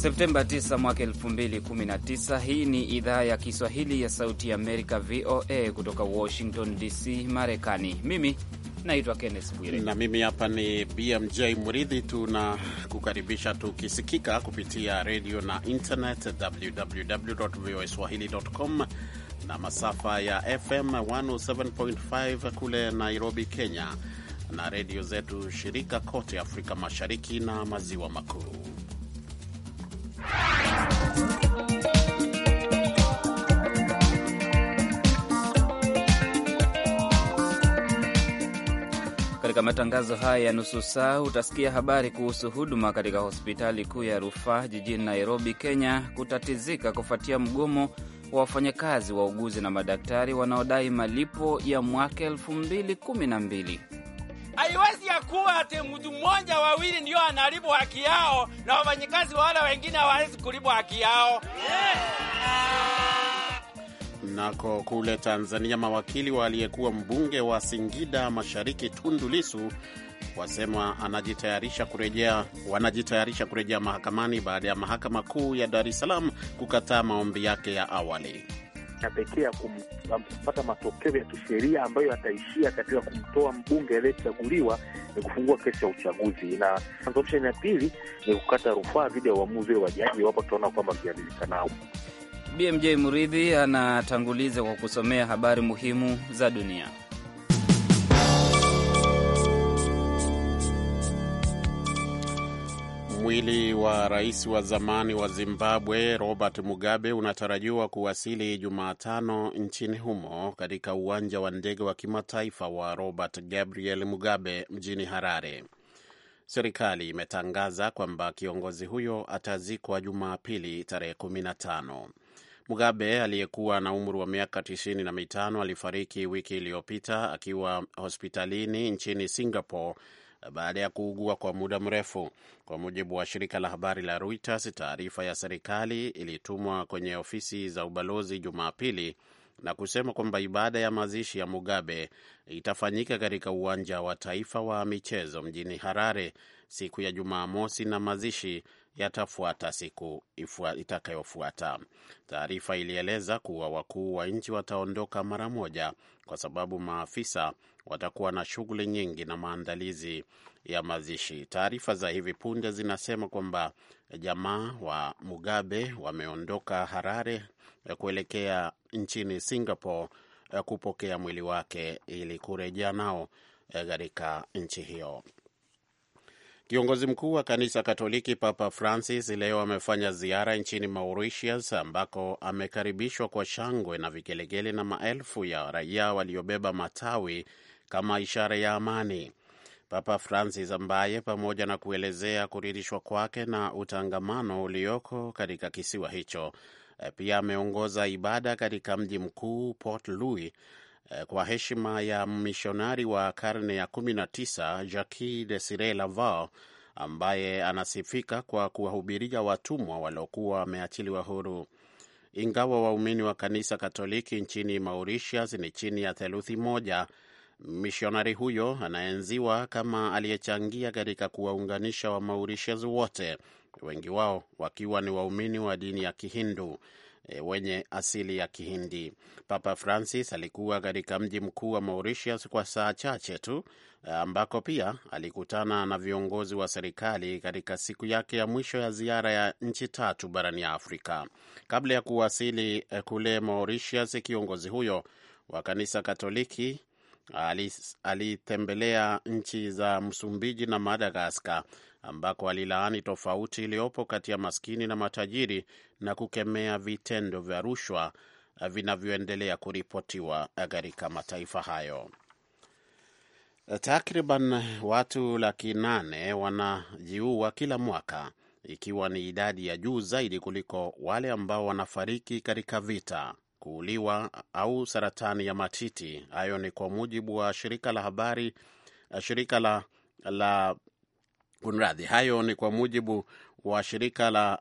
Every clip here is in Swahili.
Septemba 9 mwaka 2019. Hii ni idhaa ya Kiswahili ya Sauti ya Amerika, VOA, kutoka Washington DC, Marekani. Mimi naitwa Kennes Bwire na mimi hapa ni BMJ Mridhi. Tunakukaribisha tukisikika kupitia redio na internet, www voa swahili.com na masafa ya FM 107.5 kule Nairobi, Kenya, na redio zetu shirika kote Afrika Mashariki na Maziwa Makuu. Katika matangazo haya ya nusu saa utasikia habari kuhusu huduma katika hospitali kuu ya rufaa jijini Nairobi, Kenya kutatizika kufuatia mgomo wa wafanyakazi wauguzi na madaktari wanaodai malipo ya mwaka 212 Haiwezi ya kuwa ati mtu mmoja wawili ndio anaharibu haki yao na wafanyikazi wale wengine hawawezi kulibu haki yao. Nako kule Tanzania, mawakili wa aliyekuwa mbunge wa Singida Mashariki Tundu wasema anajitayarisha kurejea, wanajitayarisha kurejea mahakamani baada ya mahakama kuu ya Dar es Salaam kukataa maombi yake ya awali na pekee ya kupata matokeo ya kisheria ambayo yataishia katika kumtoa mbunge aliyechaguliwa ni kufungua kesi ya uchaguzi, na option ya pili ni kukata rufaa dhidi ya uamuzi wa jaji iwapo tutaona kwamba viadilikanao. BMJ Muridhi anatanguliza kwa kusomea habari muhimu za dunia. Mwili wa rais wa zamani wa Zimbabwe Robert Mugabe unatarajiwa kuwasili Jumatano nchini humo katika uwanja wa ndege wa kimataifa wa Robert Gabriel Mugabe mjini Harare. Serikali imetangaza kwamba kiongozi huyo atazikwa Jumapili tarehe 15. Mugabe aliyekuwa na umri wa miaka 95 na mitano alifariki wiki iliyopita akiwa hospitalini nchini Singapore baada ya kuugua kwa muda mrefu. Kwa mujibu wa shirika la habari la Reuters, taarifa ya serikali ilitumwa kwenye ofisi za ubalozi Jumapili na kusema kwamba ibada ya mazishi ya Mugabe itafanyika katika uwanja wa taifa wa michezo mjini Harare siku ya Jumamosi na mazishi yatafuata siku itakayofuata. Taarifa ilieleza kuwa wakuu wa nchi wataondoka mara moja kwa sababu maafisa watakuwa na shughuli nyingi na maandalizi ya mazishi. Taarifa za hivi punde zinasema kwamba jamaa wa Mugabe wameondoka Harare kuelekea nchini Singapore eh, kupokea mwili wake ili kurejea nao eh, katika nchi hiyo. Kiongozi mkuu wa kanisa Katoliki Papa Francis leo amefanya ziara nchini Mauritius ambako amekaribishwa kwa shangwe na vigelegele na maelfu ya raia waliobeba matawi kama ishara ya amani. Papa Francis ambaye pamoja na kuelezea kuridhishwa kwake na utangamano ulioko katika kisiwa hicho, eh, pia ameongoza ibada katika mji mkuu Port Louis Eh, kwa heshima ya mishonari wa karne ya 19 Jacques sire Laval ambaye anasifika kwa kuwahubiria watumwa waliokuwa wameachiliwa huru. Ingawa waumini wa kanisa Katoliki nchini Mauritius ni chini ya theluthi moja, mishonari huyo anaenziwa kama aliyechangia katika kuwaunganisha Wamauritius wote, wengi wao wakiwa ni waumini wa dini ya Kihindu e, wenye asili ya Kihindi. Papa Francis alikuwa katika mji mkuu wa Mauritius kwa saa chache tu, eh, ambako pia alikutana na viongozi wa serikali katika siku yake ya mwisho ya ziara ya nchi tatu barani Afrika. Kabla ya kuwasili eh, kule Mauritius, kiongozi huyo wa kanisa Katoliki alitembelea nchi za Msumbiji na Madagaskar ambako alilaani tofauti iliyopo kati ya maskini na matajiri na kukemea vitendo vya rushwa vinavyoendelea kuripotiwa katika mataifa hayo. Takriban watu laki nane wanajiua kila mwaka ikiwa ni idadi ya juu zaidi kuliko wale ambao wanafariki katika vita, kuuliwa au saratani ya matiti. Hayo ni kwa mujibu wa shirika la habari shirika la, la Kunradhi, hayo ni kwa mujibu wa shirika la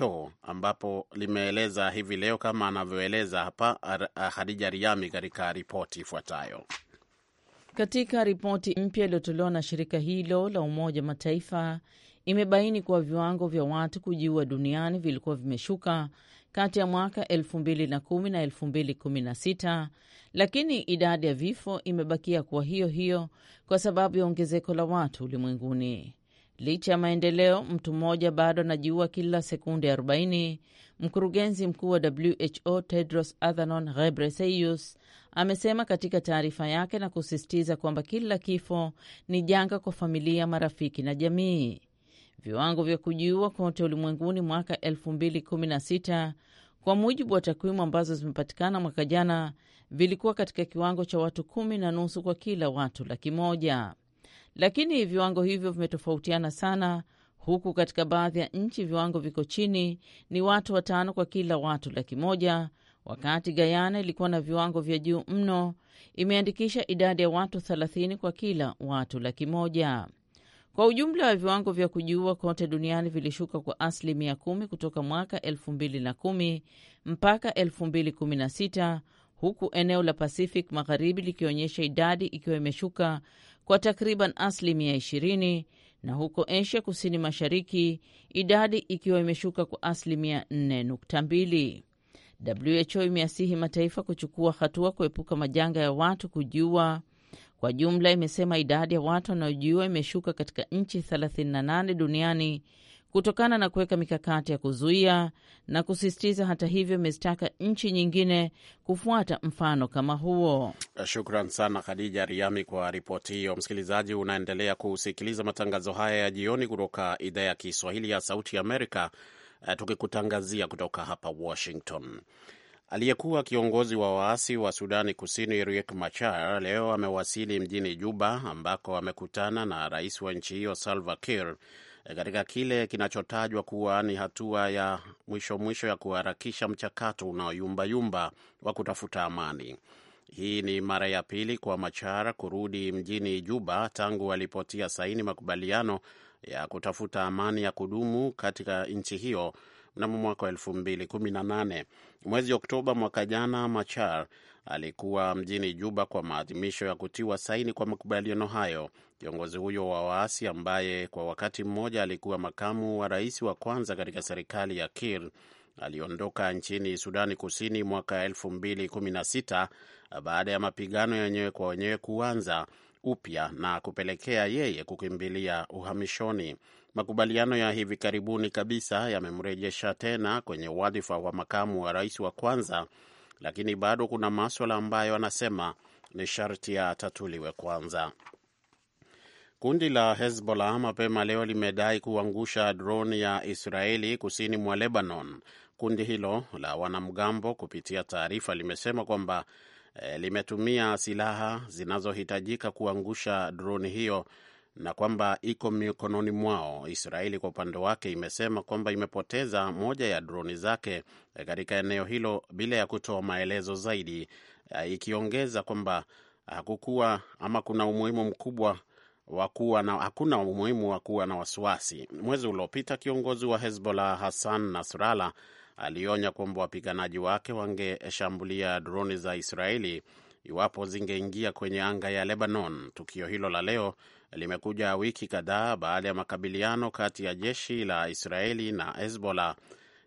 WHO ambapo limeeleza hivi leo, kama anavyoeleza hapa ah, Hadija Riami katika ripoti ifuatayo. Katika ripoti mpya iliyotolewa na shirika hilo la Umoja Mataifa imebaini kuwa viwango vya watu kujiua duniani vilikuwa vimeshuka kati ya mwaka 2010 na 2016, lakini idadi ya vifo imebakia kuwa hiyo hiyo kwa sababu ya ongezeko la watu ulimwenguni. Licha ya maendeleo, mtu mmoja bado anajiua kila sekunde 40. Mkurugenzi mkuu wa WHO Tedros Adhanom Ghebreyesus amesema katika taarifa yake na kusisitiza kwamba kila kifo ni janga kwa familia, marafiki na jamii viwango vya kujiua kote ulimwenguni mwaka 2016 kwa mujibu wa takwimu ambazo zimepatikana mwaka jana vilikuwa katika kiwango cha watu kumi na nusu kwa kila watu laki moja, lakini viwango hivyo vimetofautiana sana, huku katika baadhi ya nchi viwango viko chini, ni watu watano kwa kila watu laki moja, wakati gayana ilikuwa na viwango vya juu mno, imeandikisha idadi ya watu 30 kwa kila watu laki moja. Kwa ujumla wa viwango vya kujiua kote duniani vilishuka kwa asilimia kumi kutoka mwaka elfu mbili na kumi mpaka elfu mbili kumi na sita huku eneo la Pacific Magharibi likionyesha idadi ikiwa imeshuka kwa takriban asilimia ishirini na huko Asia Kusini Mashariki idadi ikiwa imeshuka kwa asilimia nne nukta mbili. WHO imeasihi mataifa kuchukua hatua kuepuka majanga ya watu kujiua kwa jumla, imesema idadi ya watu wanaojiua imeshuka katika nchi 38 duniani kutokana na kuweka mikakati ya kuzuia na kusisitiza. Hata hivyo, imezitaka nchi nyingine kufuata mfano kama huo. Shukran sana Khadija Riami kwa ripoti hiyo. Msikilizaji, unaendelea kusikiliza matangazo haya ya jioni kutoka idhaa ya Kiswahili ya Sauti ya Amerika, eh, tukikutangazia kutoka hapa Washington. Aliyekuwa kiongozi wa waasi wa Sudani Kusini Riek Machar leo amewasili mjini Juba ambako amekutana na rais wa nchi hiyo Salva Kiir katika kile kinachotajwa kuwa ni hatua ya mwisho mwisho ya kuharakisha mchakato unaoyumbayumba wa kutafuta amani. Hii ni mara ya pili kwa Machar kurudi mjini Juba tangu alipotia saini makubaliano ya kutafuta amani ya kudumu katika nchi hiyo mnamo mwaka wa 2018. Mwezi Oktoba mwaka jana, Machar alikuwa mjini Juba kwa maadhimisho ya kutiwa saini kwa makubaliano hayo. Kiongozi huyo wa waasi ambaye kwa wakati mmoja alikuwa makamu wa rais wa kwanza katika serikali ya Kir aliondoka nchini Sudani Kusini mwaka 2016 baada ya mapigano yenyewe kwa wenyewe kuanza upya na kupelekea yeye kukimbilia uhamishoni. Makubaliano ya hivi karibuni kabisa yamemrejesha tena kwenye wadhifa wa makamu wa rais wa kwanza, lakini bado kuna maswala ambayo anasema ni sharti ya tatuliwe kwanza. Kundi la Hezbollah mapema leo limedai kuangusha droni ya Israeli kusini mwa Lebanon. Kundi hilo la wanamgambo kupitia taarifa limesema kwamba e, limetumia silaha zinazohitajika kuangusha droni hiyo na kwamba iko mikononi mwao. Israeli kwa upande wake imesema kwamba imepoteza moja ya droni zake katika eneo hilo bila ya kutoa maelezo zaidi, ikiongeza kwamba hakukuwa ama kuna umuhimu mkubwa wa kuwa na, hakuna umuhimu wa kuwa na wasiwasi. Mwezi uliopita kiongozi wa Hezbollah Hassan Nasrallah alionya kwamba wapiganaji wake wangeshambulia droni za Israeli iwapo zingeingia kwenye anga ya Lebanon. Tukio hilo la leo limekuja wiki kadhaa baada ya makabiliano kati ya jeshi la Israeli na Hezbollah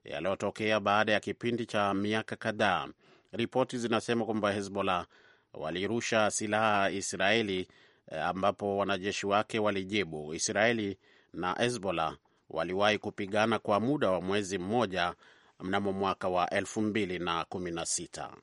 yaliyotokea baada ya kipindi cha miaka kadhaa. Ripoti zinasema kwamba Hezbollah walirusha silaha Israeli, eh, ambapo wanajeshi wake walijibu. Israeli na Hezbollah waliwahi kupigana kwa muda wa mwezi mmoja mnamo mwaka wa elfu mbili na kumi na sita.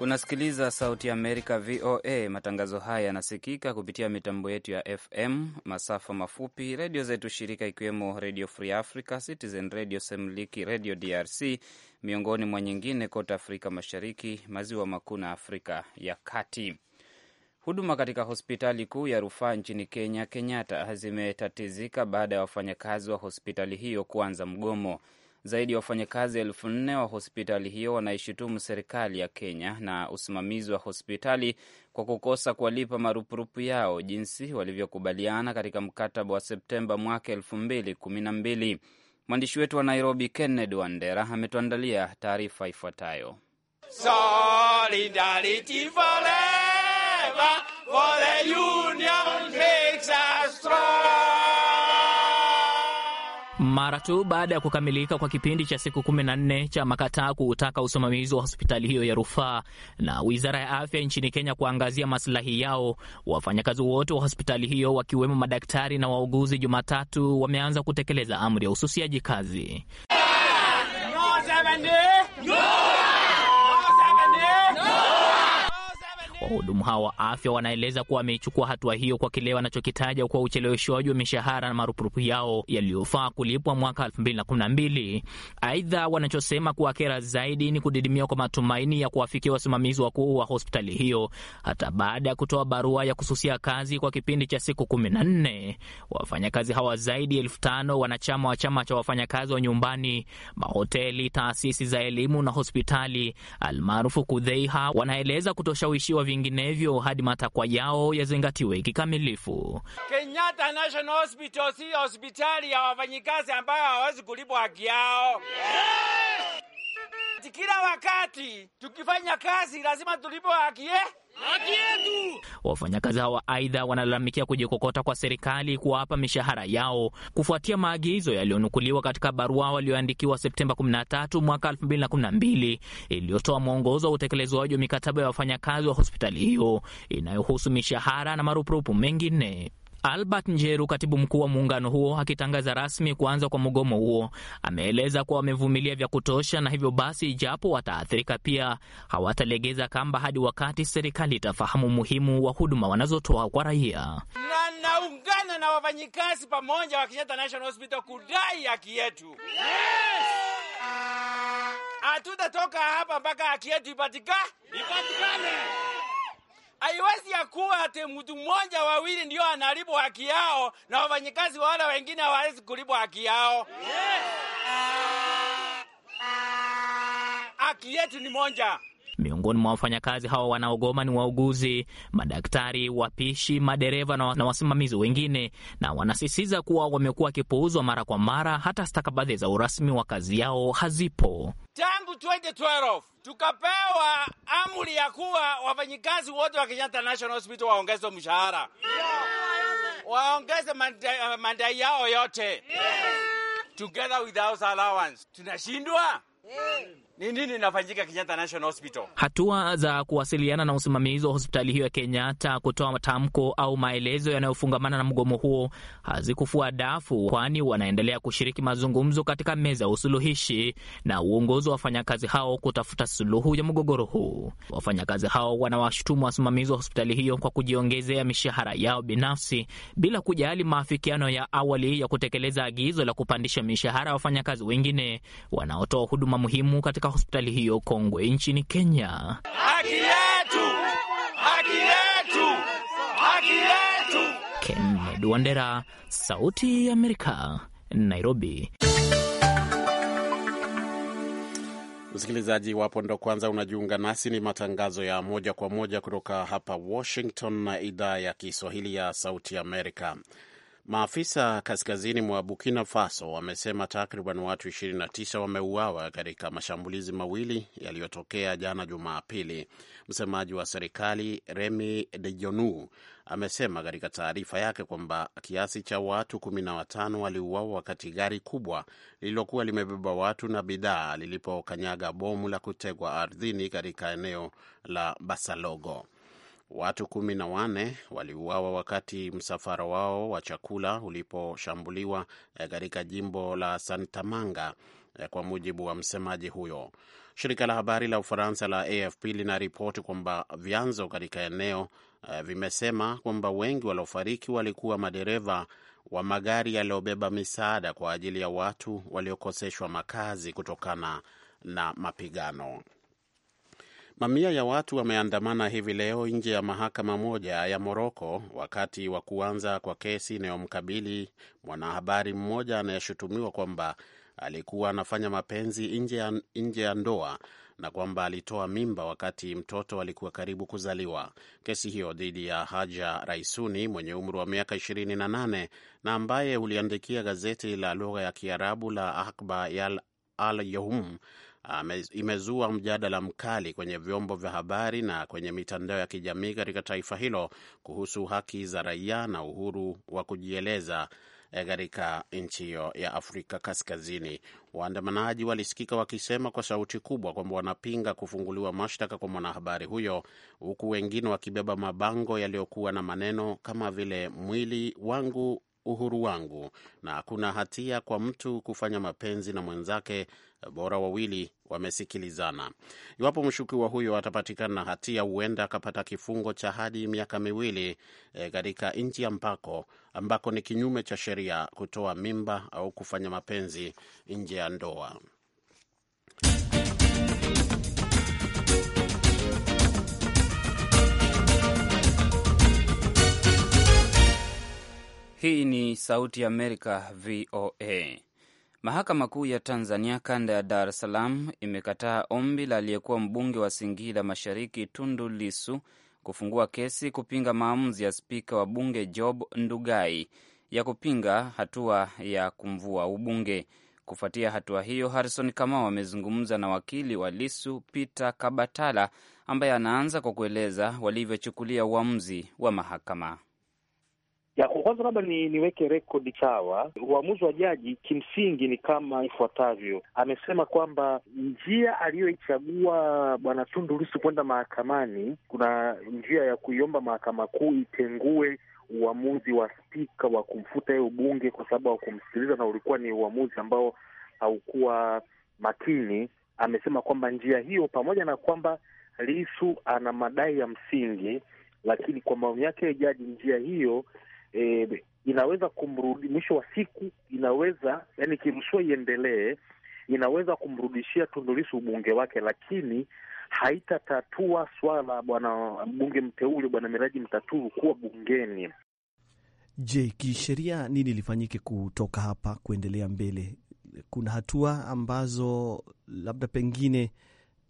Unasikiliza Sauti ya Amerika, VOA. Matangazo haya yanasikika kupitia mitambo yetu ya FM, masafa mafupi, redio zetu shirika, ikiwemo Redio Free Africa, Citizen Redio Semliki Redio DRC, miongoni mwa nyingine kote Afrika Mashariki, Maziwa Makuu na Afrika ya Kati. Huduma katika hospitali kuu ya rufaa nchini Kenya, Kenyatta, zimetatizika baada ya wafanyakazi wa hospitali hiyo kuanza mgomo. Zaidi ya wafanyakazi elfu nne wa hospitali hiyo wanaishutumu serikali ya Kenya na usimamizi wa hospitali kwa kukosa kuwalipa marupurupu yao jinsi walivyokubaliana katika mkataba wa Septemba mwaka elfu mbili kumi na mbili. Mwandishi wetu wa Nairobi, kenned Wandera, ametuandalia taarifa ifuatayo. Solidarity forever for the union. Mara tu baada ya kukamilika kwa kipindi cha siku kumi na nne cha makataa kuutaka usimamizi wa hospitali hiyo ya rufaa na wizara ya afya nchini Kenya kuangazia masilahi yao, wafanyakazi wote wa hospitali hiyo wakiwemo madaktari na wauguzi, Jumatatu wameanza kutekeleza amri ya ususiaji kazi. Wahudumu hao wa afya wanaeleza kuwa wameichukua hatua wa hiyo kwa kile wanachokitaja kwa ucheleweshwaji wa mishahara na marupurupu yao yaliyofaa kulipwa mwaka 2012. Aidha, wanachosema kuwa kera zaidi ni kudidimia kwa matumaini ya kuwafikia wasimamizi wakuu wa hospitali hiyo hata baada ya kutoa barua ya kususia kazi kwa kipindi cha siku 14. Wafanyakazi hawa zaidi ya elfu tano wanachama wa chama cha wafanyakazi wa nyumbani, mahoteli, taasisi za elimu na hospitali almaarufu KUDHEIHA wanaeleza kutoshawishiwa vinginevyo hadi matakwa yao yazingatiwe kikamilifu. Kenyatta National Hospital si hospitali ya wafanyikazi ambayo hawawezi kulipwa haki yao. Yes! Kila wakati tukifanya kazi lazima tulipwe haki eh? Wafanyakazi hawa aidha wanalalamikia kujikokota kwa serikali kuwapa mishahara yao kufuatia maagizo yaliyonukuliwa katika barua walioandikiwa Septemba 13 mwaka 2012 iliyotoa mwongozo wa utekelezwaji wa mikataba ya wafanyakazi wa hospitali hiyo inayohusu mishahara na marupurupu mengine. Albert Njeru, katibu mkuu wa muungano huo, akitangaza rasmi kuanza kwa mgomo huo, ameeleza kuwa wamevumilia vya kutosha, na hivyo basi, ijapo wataathirika, pia hawatalegeza kamba hadi wakati serikali itafahamu umuhimu wa huduma wanazotoa kwa raia. Na naungana na wafanyikazi pamoja wa Kenyatta National Hospital kudai haki yetu. Hatutatoka yes! Hapa mpaka haki yetu ipatikane. Haiwezi ya kuwa ati mtu mmoja wawili ndio analibu haki yao na wafanyikazi wale wengine hawawezi kulibu haki yao. Haki yetu ni moja. Miongoni mwa wafanyakazi hao wanaogoma ni wauguzi, madaktari, wapishi, madereva na wasimamizi wengine, na wanasisitiza kuwa wamekuwa wakipuuzwa mara kwa mara, hata stakabadhi za urasmi wa kazi yao hazipo tangu 2012 tukapewa amri ya kuwa wafanyikazi wote wa Kenyatta National Hospital waongezwe mshahara, yeah. waongeze mandai mandai yao yote, yeah. together with allowance. Tunashindwa, yeah ni nini inafanyika Kenyatta National Hospital. Hatua za kuwasiliana na usimamizi wa hospitali hiyo ya Kenyatta kutoa matamko au maelezo yanayofungamana na mgomo huo hazikufua dafu, kwani wanaendelea kushiriki mazungumzo katika meza ya usuluhishi na uongozi wa wafanyakazi hao kutafuta suluhu ya mgogoro huu. Wafanyakazi hao wanawashutumu wasimamizi wa hospitali hiyo kwa kujiongezea mishahara yao binafsi bila kujali maafikiano ya awali ya kutekeleza agizo la kupandisha mishahara ya wafanyakazi wengine wanaotoa huduma muhimu katika katika hospitali hiyo kongwe nchini Kenya. Haki yetu! Haki yetu! Haki yetu! Kennedy Wandera, Sauti ya Amerika, Nairobi. Msikilizaji wapo ndo kwanza unajiunga nasi, ni matangazo ya moja kwa moja kutoka hapa Washington na idhaa ya Kiswahili ya Sauti Amerika. Maafisa kaskazini mwa Burkina Faso wamesema takriban watu 29 wameuawa katika mashambulizi mawili yaliyotokea jana Jumapili. Msemaji wa serikali Remi Dejonu amesema katika taarifa yake kwamba kiasi cha watu 15 waliuawa wakati gari kubwa lililokuwa limebeba watu na bidhaa lilipokanyaga bomu la kutegwa ardhini katika eneo la Basalogo. Watu kumi na wane waliuawa wakati msafara wao wa chakula uliposhambuliwa eh, katika jimbo la Santamanga, eh, kwa mujibu wa msemaji huyo. Shirika la habari la Ufaransa la AFP linaripoti kwamba vyanzo katika eneo eh, vimesema kwamba wengi waliofariki walikuwa madereva wa magari yaliyobeba misaada kwa ajili ya watu waliokoseshwa makazi kutokana na mapigano. Mamia ya watu wameandamana hivi leo nje ya mahakama moja ya Moroko wakati wa kuanza kwa kesi inayomkabili mwanahabari mmoja anayeshutumiwa kwamba alikuwa anafanya mapenzi nje ya ndoa na kwamba alitoa mimba wakati mtoto alikuwa karibu kuzaliwa. Kesi hiyo dhidi ya Haja Raisuni mwenye umri wa miaka 28 na ambaye uliandikia gazeti la lugha ya Kiarabu la Akhbar Al Yahum imezua mjadala mkali kwenye vyombo vya habari na kwenye mitandao ya kijamii katika taifa hilo kuhusu haki za raia na uhuru wa kujieleza eh, katika nchi hiyo ya Afrika Kaskazini. Waandamanaji walisikika wakisema kwa sauti kubwa kwamba wanapinga kufunguliwa mashtaka kwa mwanahabari huyo, huku wengine wakibeba mabango yaliyokuwa na maneno kama vile mwili wangu uhuru wangu, na hakuna hatia kwa mtu kufanya mapenzi na mwenzake, bora wawili wamesikilizana. Iwapo mshukiwa huyo atapatikana na hatia, huenda akapata kifungo cha hadi miaka miwili e, katika e, nchi ambako, ambako ni kinyume cha sheria kutoa mimba au kufanya mapenzi nje ya ndoa. Hii ni Sauti Amerika, VOA. Mahakama Kuu ya Tanzania kanda ya Dar es Salaam imekataa ombi la aliyekuwa mbunge wa Singida Mashariki Tundu Lisu kufungua kesi kupinga maamuzi ya spika wa bunge Job Ndugai ya kupinga hatua ya kumvua ubunge. Kufuatia hatua hiyo, Harrison Kamau amezungumza na wakili wa Lisu Peter Kabatala ambaye anaanza kwa kueleza walivyochukulia uamuzi wa mahakama ya kwanza labda ni, niweke rekodi sawa. Uamuzi wa jaji kimsingi ni kama ifuatavyo. Amesema kwamba njia aliyoichagua Bwana Tundu Lissu kwenda mahakamani, kuna njia ya kuiomba mahakama kuu itengue uamuzi wa spika wa kumfuta yeye ubunge kwa sababu hakumsikiliza na ulikuwa ni uamuzi ambao haukuwa makini. Amesema kwamba njia hiyo, pamoja na kwamba Lissu ana madai ya msingi, lakini kwa maoni yake jaji, njia hiyo e, inaweza kumrudi, mwisho wa siku inaweza yani, ikiruhusiwa iendelee, inaweza kumrudishia tundulisu ubunge wake, lakini haitatatua swala la bwana mbunge mteule bwana Miraji Mtaturu kuwa bungeni. Je, kisheria nini lifanyike kutoka hapa kuendelea mbele? Kuna hatua ambazo labda pengine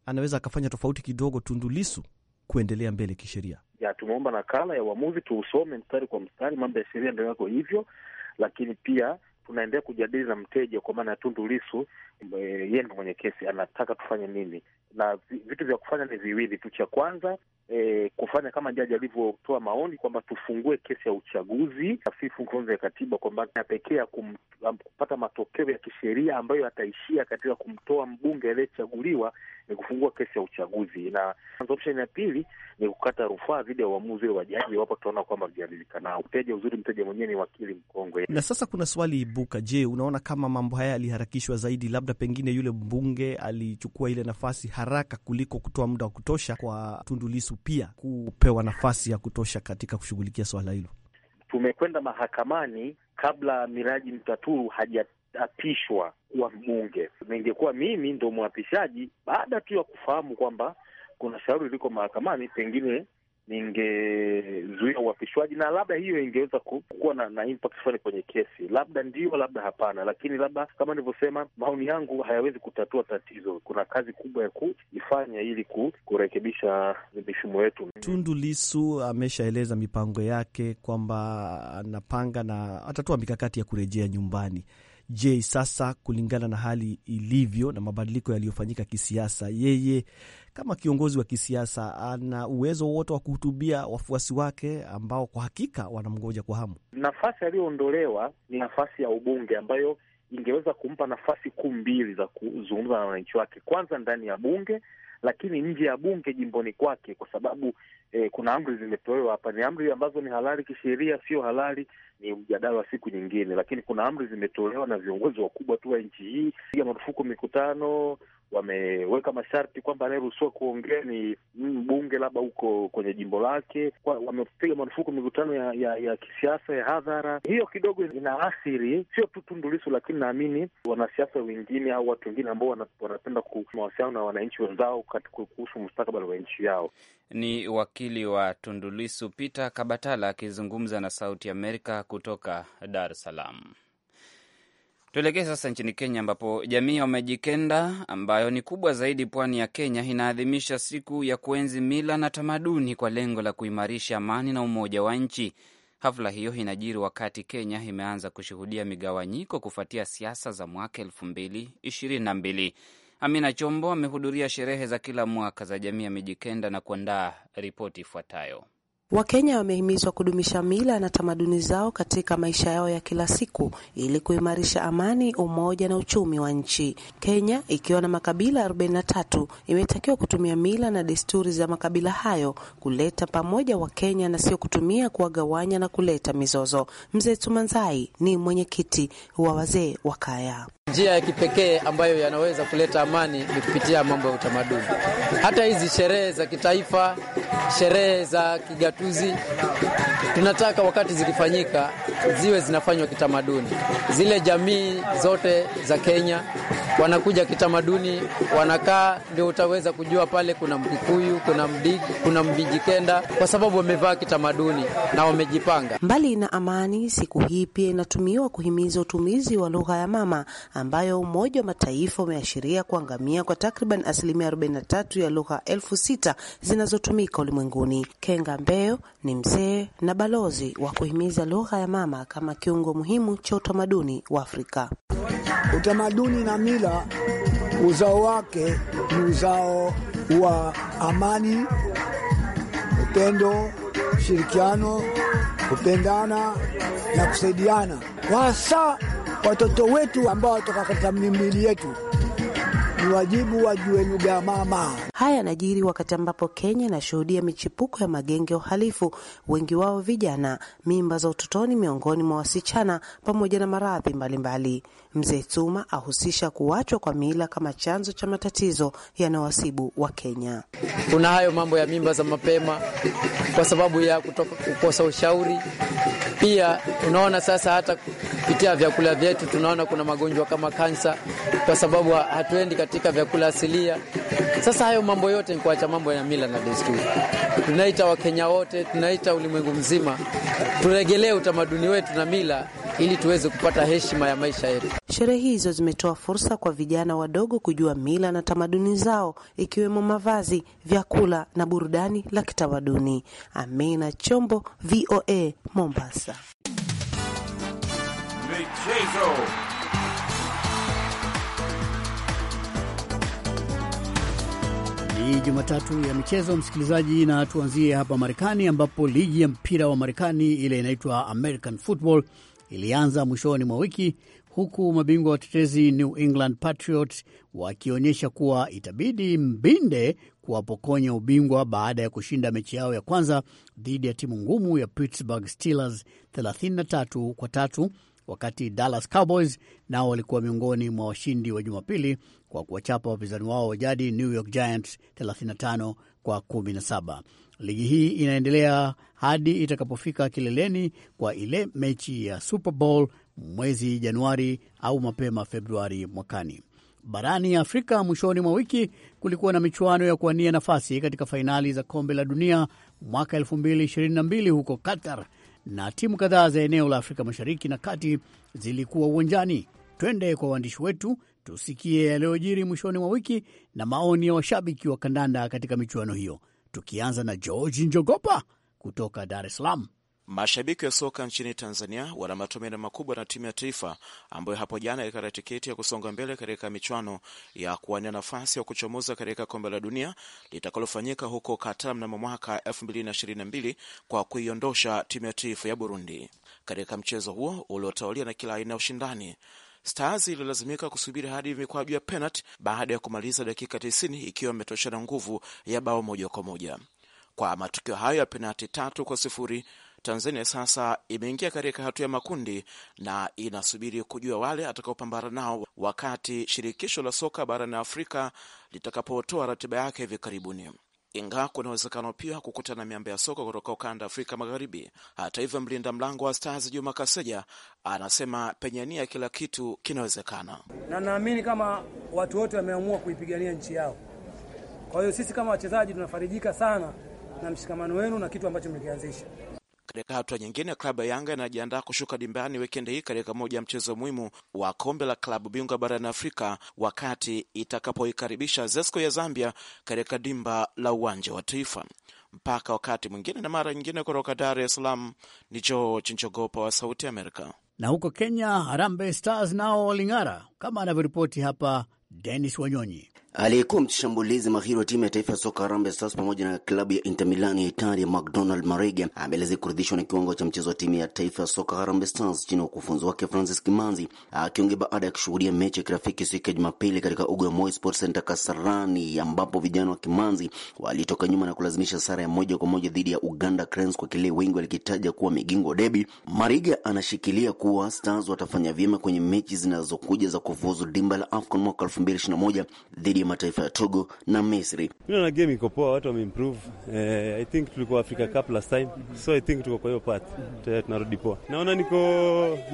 anaweza akafanya tofauti kidogo tundulisu kuendelea mbele kisheria? ya tumeomba nakala ya uamuzi tuusome mstari kwa mstari, mambo ya sheria ndio yako hivyo, lakini pia tunaendelea kujadili na mteja kwa maana ya Tundu Lissu, yeye ndo mwenye kesi, anataka tufanye nini, na vitu vya kufanya ni viwili tu. Cha kwanza e, kufanya kama jaji alivyotoa maoni kwamba tufungue kesi ya uchaguzi hafifu ya katiba kwamba pekee ya kum, kupata matokeo ya kisheria ambayo yataishia katika kumtoa mbunge aliyechaguliwa ni kufungua kesi ya uchaguzi, na option ya pili ni kukata rufaa dhidi ya uamuzi ule wa jaji, iwapo tutaona kwamba vijadilikanao. Mteja uzuri, mteja mwenyewe ni wakili mkongwe. Na sasa kuna swali ibuka, je, unaona kama mambo haya yaliharakishwa zaidi, labda pengine yule mbunge alichukua ile nafasi haraka kuliko kutoa muda wa kutosha kwa tundulisu pia kupewa nafasi ya kutosha katika kushughulikia swala hilo? Tumekwenda mahakamani kabla Miraji Mtaturu haja ataapishwa kuwa mbunge. Ningekuwa mimi ndo mwapishaji, baada tu ya kufahamu kwamba kuna shauri liko mahakamani, pengine ningezuia uapishwaji, na labda hiyo ingeweza kuwa na, na impact fulani kwenye kesi, labda ndio, labda hapana. Lakini labda kama nilivyosema, maoni yangu hayawezi kutatua tatizo. Kuna kazi kubwa ya kuifanya ili kurekebisha mifumo yetu. Tundu Lisu ameshaeleza mipango yake kwamba anapanga na atatoa mikakati ya kurejea nyumbani. Je, sasa kulingana na hali ilivyo na mabadiliko yaliyofanyika kisiasa, yeye kama kiongozi wa kisiasa ana uwezo wote wa kuhutubia wafuasi wake ambao kwa hakika wanamngoja kwa hamu? Nafasi aliyoondolewa ni nafasi ya ubunge ambayo ingeweza kumpa nafasi kuu mbili za kuzungumza na wananchi wake, kwanza ndani ya bunge lakini nje ya bunge jimboni kwake, kwa sababu eh, kuna amri zimetolewa hapa. Ni amri ambazo ni halali kisheria, sio halali ni mjadala wa siku nyingine, lakini kuna amri zimetolewa na viongozi wakubwa tu wa nchi hii, piga marufuku mikutano wameweka masharti kwamba anayeruhusiwa kuongea ni mbunge labda huko kwenye jimbo lake. Wamepiga marufuku mikutano ya, ya, ya kisiasa ya hadhara. Hiyo kidogo ina athiri sio tu Tundu Lissu, lakini naamini wanasiasa wengine au watu wengine ambao wanapenda mawasiliano na wananchi wenzao kuhusu mustakabali wa nchi yao. Ni wakili wa Tundu Lissu Peter Kabatala akizungumza na Sauti Amerika kutoka Dar es Salaam. Tuelekee sasa nchini Kenya ambapo jamii ya Wamejikenda ambayo ni kubwa zaidi pwani ya Kenya inaadhimisha siku ya kuenzi mila na tamaduni kwa lengo la kuimarisha amani na umoja wa nchi. Hafla hiyo inajiri wakati Kenya imeanza kushuhudia migawanyiko kufuatia siasa za mwaka elfu mbili ishirini na mbili. Amina Chombo amehudhuria sherehe za kila mwaka za jamii ya Mijikenda na kuandaa ripoti ifuatayo. Wakenya wamehimizwa kudumisha mila na tamaduni zao katika maisha yao ya kila siku ili kuimarisha amani, umoja na uchumi wa nchi. Kenya ikiwa na makabila 43 imetakiwa kutumia mila na desturi za makabila hayo kuleta pamoja Wakenya na sio kutumia kuwagawanya na kuleta mizozo. Mzee Tumanzai ni mwenyekiti wa wazee wa kaya njia ya kipekee ambayo yanaweza kuleta amani ni kupitia mambo ya utamaduni. Hata hizi sherehe za kitaifa, sherehe za kigatuzi, tunataka wakati zikifanyika ziwe zinafanywa kitamaduni. Zile jamii zote za Kenya wanakuja kitamaduni, wanakaa, ndio utaweza kujua pale kuna Mkikuyu, kuna Mdigi, kuna Mvijikenda kwa sababu wamevaa kitamaduni na wamejipanga. Mbali na amani, siku hii pia inatumiwa kuhimiza utumizi wa lugha ya mama ambayo Umoja wa Mataifa umeashiria kuangamia kwa takriban asilimia 43 ya lugha elfu sita zinazotumika ulimwenguni. Kenga Mbeo ni mzee na balozi wa kuhimiza lugha ya mama kama kiungo muhimu cha utamaduni wa Afrika. Utamaduni na mila uzao wake ni uzao wa amani, upendo, ushirikiano, kupendana na kusaidiana, hasa watoto wetu ambao watoka katika mimili yetu ni wajibu wajue lugha ya mama. Haya yanajiri wakati ambapo Kenya inashuhudia michipuko ya magenge ya uhalifu, wengi wao vijana, mimba za utotoni miongoni mwa wasichana, pamoja na maradhi mbalimbali. Mzee Tsuma ahusisha kuachwa kwa mila kama chanzo cha matatizo yanayowasibu wa Kenya. Kuna hayo mambo ya mimba za mapema kwa sababu ya kutoka kukosa ushauri. Pia unaona sasa, hata kupitia vyakula vyetu tunaona kuna magonjwa kama kansa, kwa sababu hatuendi katika vyakula asilia. Sasa hayo mambo yote ni kuacha mambo ya mila na desturi. Tunaita Wakenya wote, tunaita ulimwengu mzima, turegelee utamaduni wetu na mila, ili tuweze kupata heshima ya maisha yetu. Sherehe hizo zimetoa fursa kwa vijana wadogo kujua mila na tamaduni zao ikiwemo mavazi, vyakula na burudani la kitamaduni. Amina Chombo, VOA Mombasa. Michezo. Ni Jumatatu ya michezo, msikilizaji, na tuanzie hapa Marekani ambapo ligi ya mpira wa Marekani ile inaitwa American Football ilianza mwishoni mwa wiki huku mabingwa watetezi New England patriot wakionyesha kuwa itabidi mbinde kuwapokonya ubingwa baada ya kushinda mechi yao ya kwanza dhidi ya timu ngumu ya Pittsburgh Steelers 33 kwa tatu, wakati Dallas Cowboys nao walikuwa miongoni mwa washindi wa Jumapili kwa kuwachapa wapinzani wao wa jadi New York Giants 35 kwa 17. Ligi hii inaendelea hadi itakapofika kileleni kwa ile mechi ya Super Bowl mwezi Januari au mapema Februari mwakani. Barani ya Afrika, mwishoni mwa wiki kulikuwa na michuano ya kuwania nafasi katika fainali za kombe la dunia mwaka 2022 huko Qatar, na timu kadhaa za eneo la Afrika mashariki na kati zilikuwa uwanjani. Twende kwa waandishi wetu tusikie yaliyojiri mwishoni mwa wiki na maoni ya washabiki wa kandanda katika michuano hiyo, tukianza na George Njogopa kutoka Dar es Salaam. Mashabiki wa soka nchini Tanzania wana matumaini makubwa na timu ya taifa ambayo hapo jana ilikata tiketi ya kusonga mbele katika michuano ya kuwania nafasi ya kuchomoza katika kombe la dunia litakalofanyika huko Qatar mnamo mwaka 2022 kwa kuiondosha timu ya taifa ya Burundi katika mchezo huo uliotawalia na kila aina ya ushindani. Stars ililazimika kusubiri hadi mikwaju ya penalti baada ya kumaliza dakika 90 ikiwa na nguvu ya bao moja kwa moja. Kwa matukio hayo ya penalti tatu kwa sifuri Tanzania sasa imeingia katika hatua ya makundi na inasubiri kujua wale atakaopambana nao wakati shirikisho la soka barani Afrika litakapotoa ratiba yake hivi karibuni ingawa kuna uwezekano pia kukutana miamba ya soka kutoka ukanda Afrika Magharibi. Hata hivyo, mlinda mlango wa Stars Juma Kaseja anasema penye nia kila kitu kinawezekana, na naamini kama watu wote wameamua kuipigania nchi yao. Kwa hiyo sisi kama wachezaji tunafarijika sana na mshikamano wenu na kitu ambacho mlikianzisha. Katika hatua nyingine, klabu ya Yanga inajiandaa kushuka dimbani wikendi hii katika moja ya mchezo muhimu wa kombe la klabu bingwa barani Afrika wakati itakapoikaribisha ZESCO ya Zambia katika dimba la uwanja wa Taifa. Mpaka wakati mwingine na mara nyingine, kutoka Dar es Salaam ni George Njogopa wa Sauti Amerika. Na huko Kenya, Harambee Stars nao waling'ara, kama anavyoripoti hapa denis Wanyonyi. Aliyekuwa mshambulizi mahiri wa timu ya taifa ya soka Harambee Stars pamoja na klabu ya Inter Milan ya Italia, McDonald Marega ameeleza kuridhishwa na kiwango cha mchezo wa timu ya taifa ya soka Harambee Stars chini ya ukufunzi wake Francis Kimanzi, akiongea baada ya kushuhudia mechi ya kirafiki siku ya Jumapili katika ugo ya Moi Sports Center Kasarani, ambapo vijana wa Kimanzi walitoka nyuma na kulazimisha sare ya moja kwa moja dhidi ya Uganda Cranes kwa kile wengi walikitaja kuwa migingo debi. Marega anashikilia kuwa Stars watafanya vyema kwenye mechi zinazokuja za kufuzu dimba la AFCON mwaka 2021 dhidi dhidi ya mataifa ya Togo na Misri. Na game iko poa, watu wameimprove. Eh, I think tulikuwa Africa Cup last time, so I think tuko kwa hiyo path, tunarudi poa. Naona niko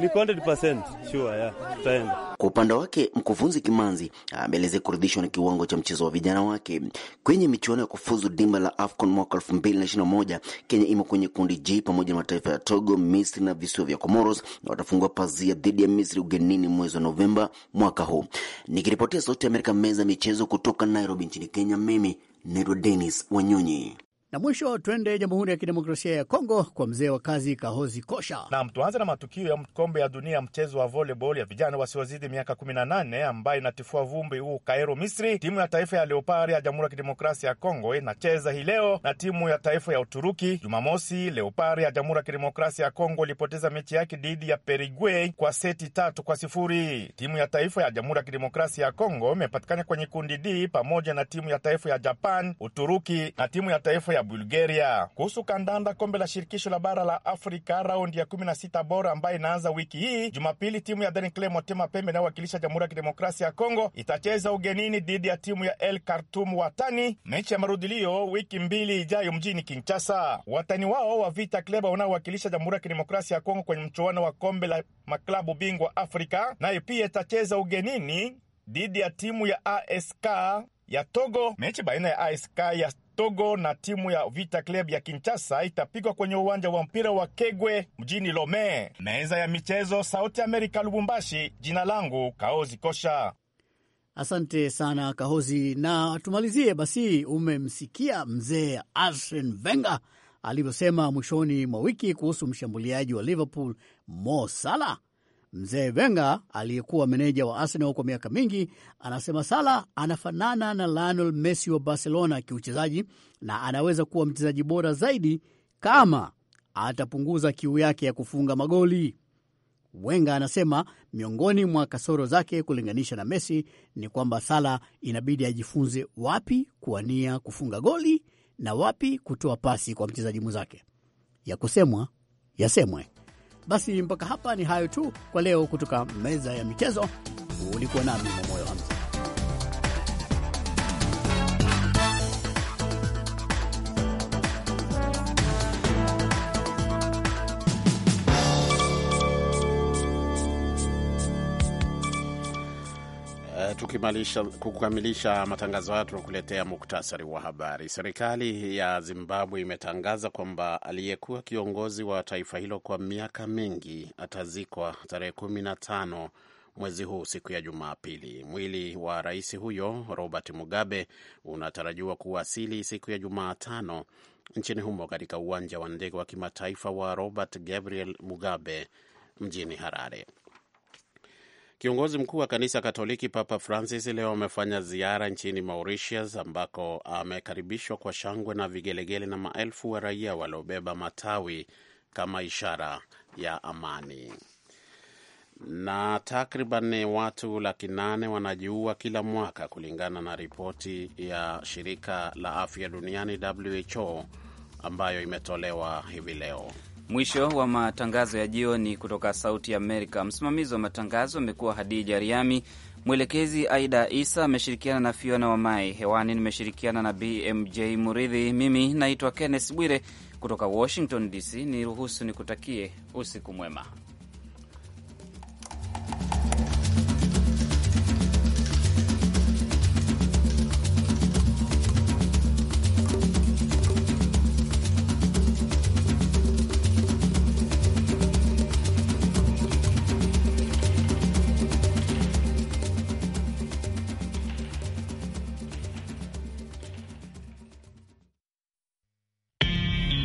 niko 100% sure, yeah, tutaenda. Kwa upande wake mkufunzi Kimanzi ameelezea kurudishwa na kiwango cha mchezo wa vijana wake kwenye michuano ya kufuzu dimba la AFCON mwaka 2021. Kenya imo kwenye kundi J pamoja na mataifa ya Togo, Misri na visiwa vya Comoros na watafungua pazia dhidi ya Misri ugenini mwezi wa Novemba mwaka huu. Nikiripotia Sauti ya Amerika meza michezo michezo kutoka Nairobi nchini Kenya. Mimi naitwa denis Wanyonyi. Na mwisho twende Jamhuri ya Kidemokrasia ya Kongo kwa mzee wa kazi Kahozi Kosha. Nam, tuanze na matukio ya kombe ya dunia mchezo wa volleyball ya vijana wasiozidi miaka 18 ambayo inatifua vumbi huu Kairo, Misri. Timu ya taifa ya Leopard ya Jamhuri ya Kidemokrasia ya Kongo inacheza hii leo na timu ya taifa ya Uturuki Jumamosi. Leopard ya Jamhuri ya Kidemokrasia ya Kongo ilipoteza mechi yake dhidi ya periguay kwa seti tatu kwa sifuri. Timu ya taifa ya Jamhuri ya Kidemokrasia ya Kongo imepatikana kwenye kundi D pamoja na timu ya taifa ya Japan, Uturuki na timu ya taifa ya Bulgaria kuhusu kandanda kombe la shirikisho la bara la Afrika raundi ya 16 bora ambayo inaanza wiki hii Jumapili, timu ya Danikle Motema Pembe inayowakilisha Jamhuri ya Kidemokrasia ya Kongo itacheza ugenini dhidi ya timu ya El kartum watani, mechi ya marudilio wiki mbili ijayo mjini Kinshasa. Watani wao wa Vita Kleba wanaowakilisha Jamhuri ya Kidemokrasia ya Kongo kwenye mchuano wa kombe la maklabu bingwa Afrika naye pia itacheza ugenini dhidi ya timu ya ASK ya Togo. Mechi baina ya AS ya Togo na timu ya Vita Club ya Kinshasa itapigwa kwenye uwanja wa mpira wa Kegwe mjini Lome. Meza ya michezo, Sauti Amerika, Lubumbashi. Jina langu Kaozi Kosha. Asante sana Kahozi, na tumalizie basi. Umemsikia mzee Arsene Wenger alivyosema mwishoni mwa wiki kuhusu mshambuliaji wa Liverpool Mo Salah. Mzee wenga aliyekuwa meneja wa Arsenal kwa miaka mingi anasema sala anafanana na Lionel Messi wa Barcelona kiuchezaji na anaweza kuwa mchezaji bora zaidi kama atapunguza kiu yake ya kufunga magoli. Wenga anasema miongoni mwa kasoro zake kulinganisha na Messi ni kwamba sala inabidi ajifunze wapi kuwania kufunga goli na wapi kutoa pasi kwa mchezaji mwenzake. Ya kusemwa yasemwe. Basi mpaka hapa ni hayo tu kwa leo, kutoka meza ya michezo. Ulikuwa nami Momoyo Hamza. kukamilisha matangazo hayo, tunakuletea muktasari wa habari. Serikali ya Zimbabwe imetangaza kwamba aliyekuwa kiongozi wa taifa hilo kwa miaka mingi atazikwa tarehe kumi na tano mwezi huu siku ya Jumapili. Mwili wa rais huyo Robert Mugabe unatarajiwa kuwasili siku ya Jumatano nchini humo katika uwanja wa ndege wa kimataifa wa Robert Gabriel Mugabe mjini Harare. Kiongozi mkuu wa kanisa Katoliki Papa Francis leo amefanya ziara nchini Mauritius ambako amekaribishwa kwa shangwe na vigelegele na maelfu wa raia waliobeba matawi kama ishara ya amani. Na takriban watu laki nane wanajiua kila mwaka kulingana na ripoti ya shirika la afya duniani WHO ambayo imetolewa hivi leo. Mwisho wa matangazo ya jioni kutoka Sauti ya Amerika. Msimamizi wa matangazo amekuwa Hadija Riami, mwelekezi Aida Isa ameshirikiana na Fiona Wamai. Hewani nimeshirikiana na BMJ Muridhi. Mimi naitwa Kenneth Bwire kutoka Washington DC. Niruhusu nikutakie usiku mwema.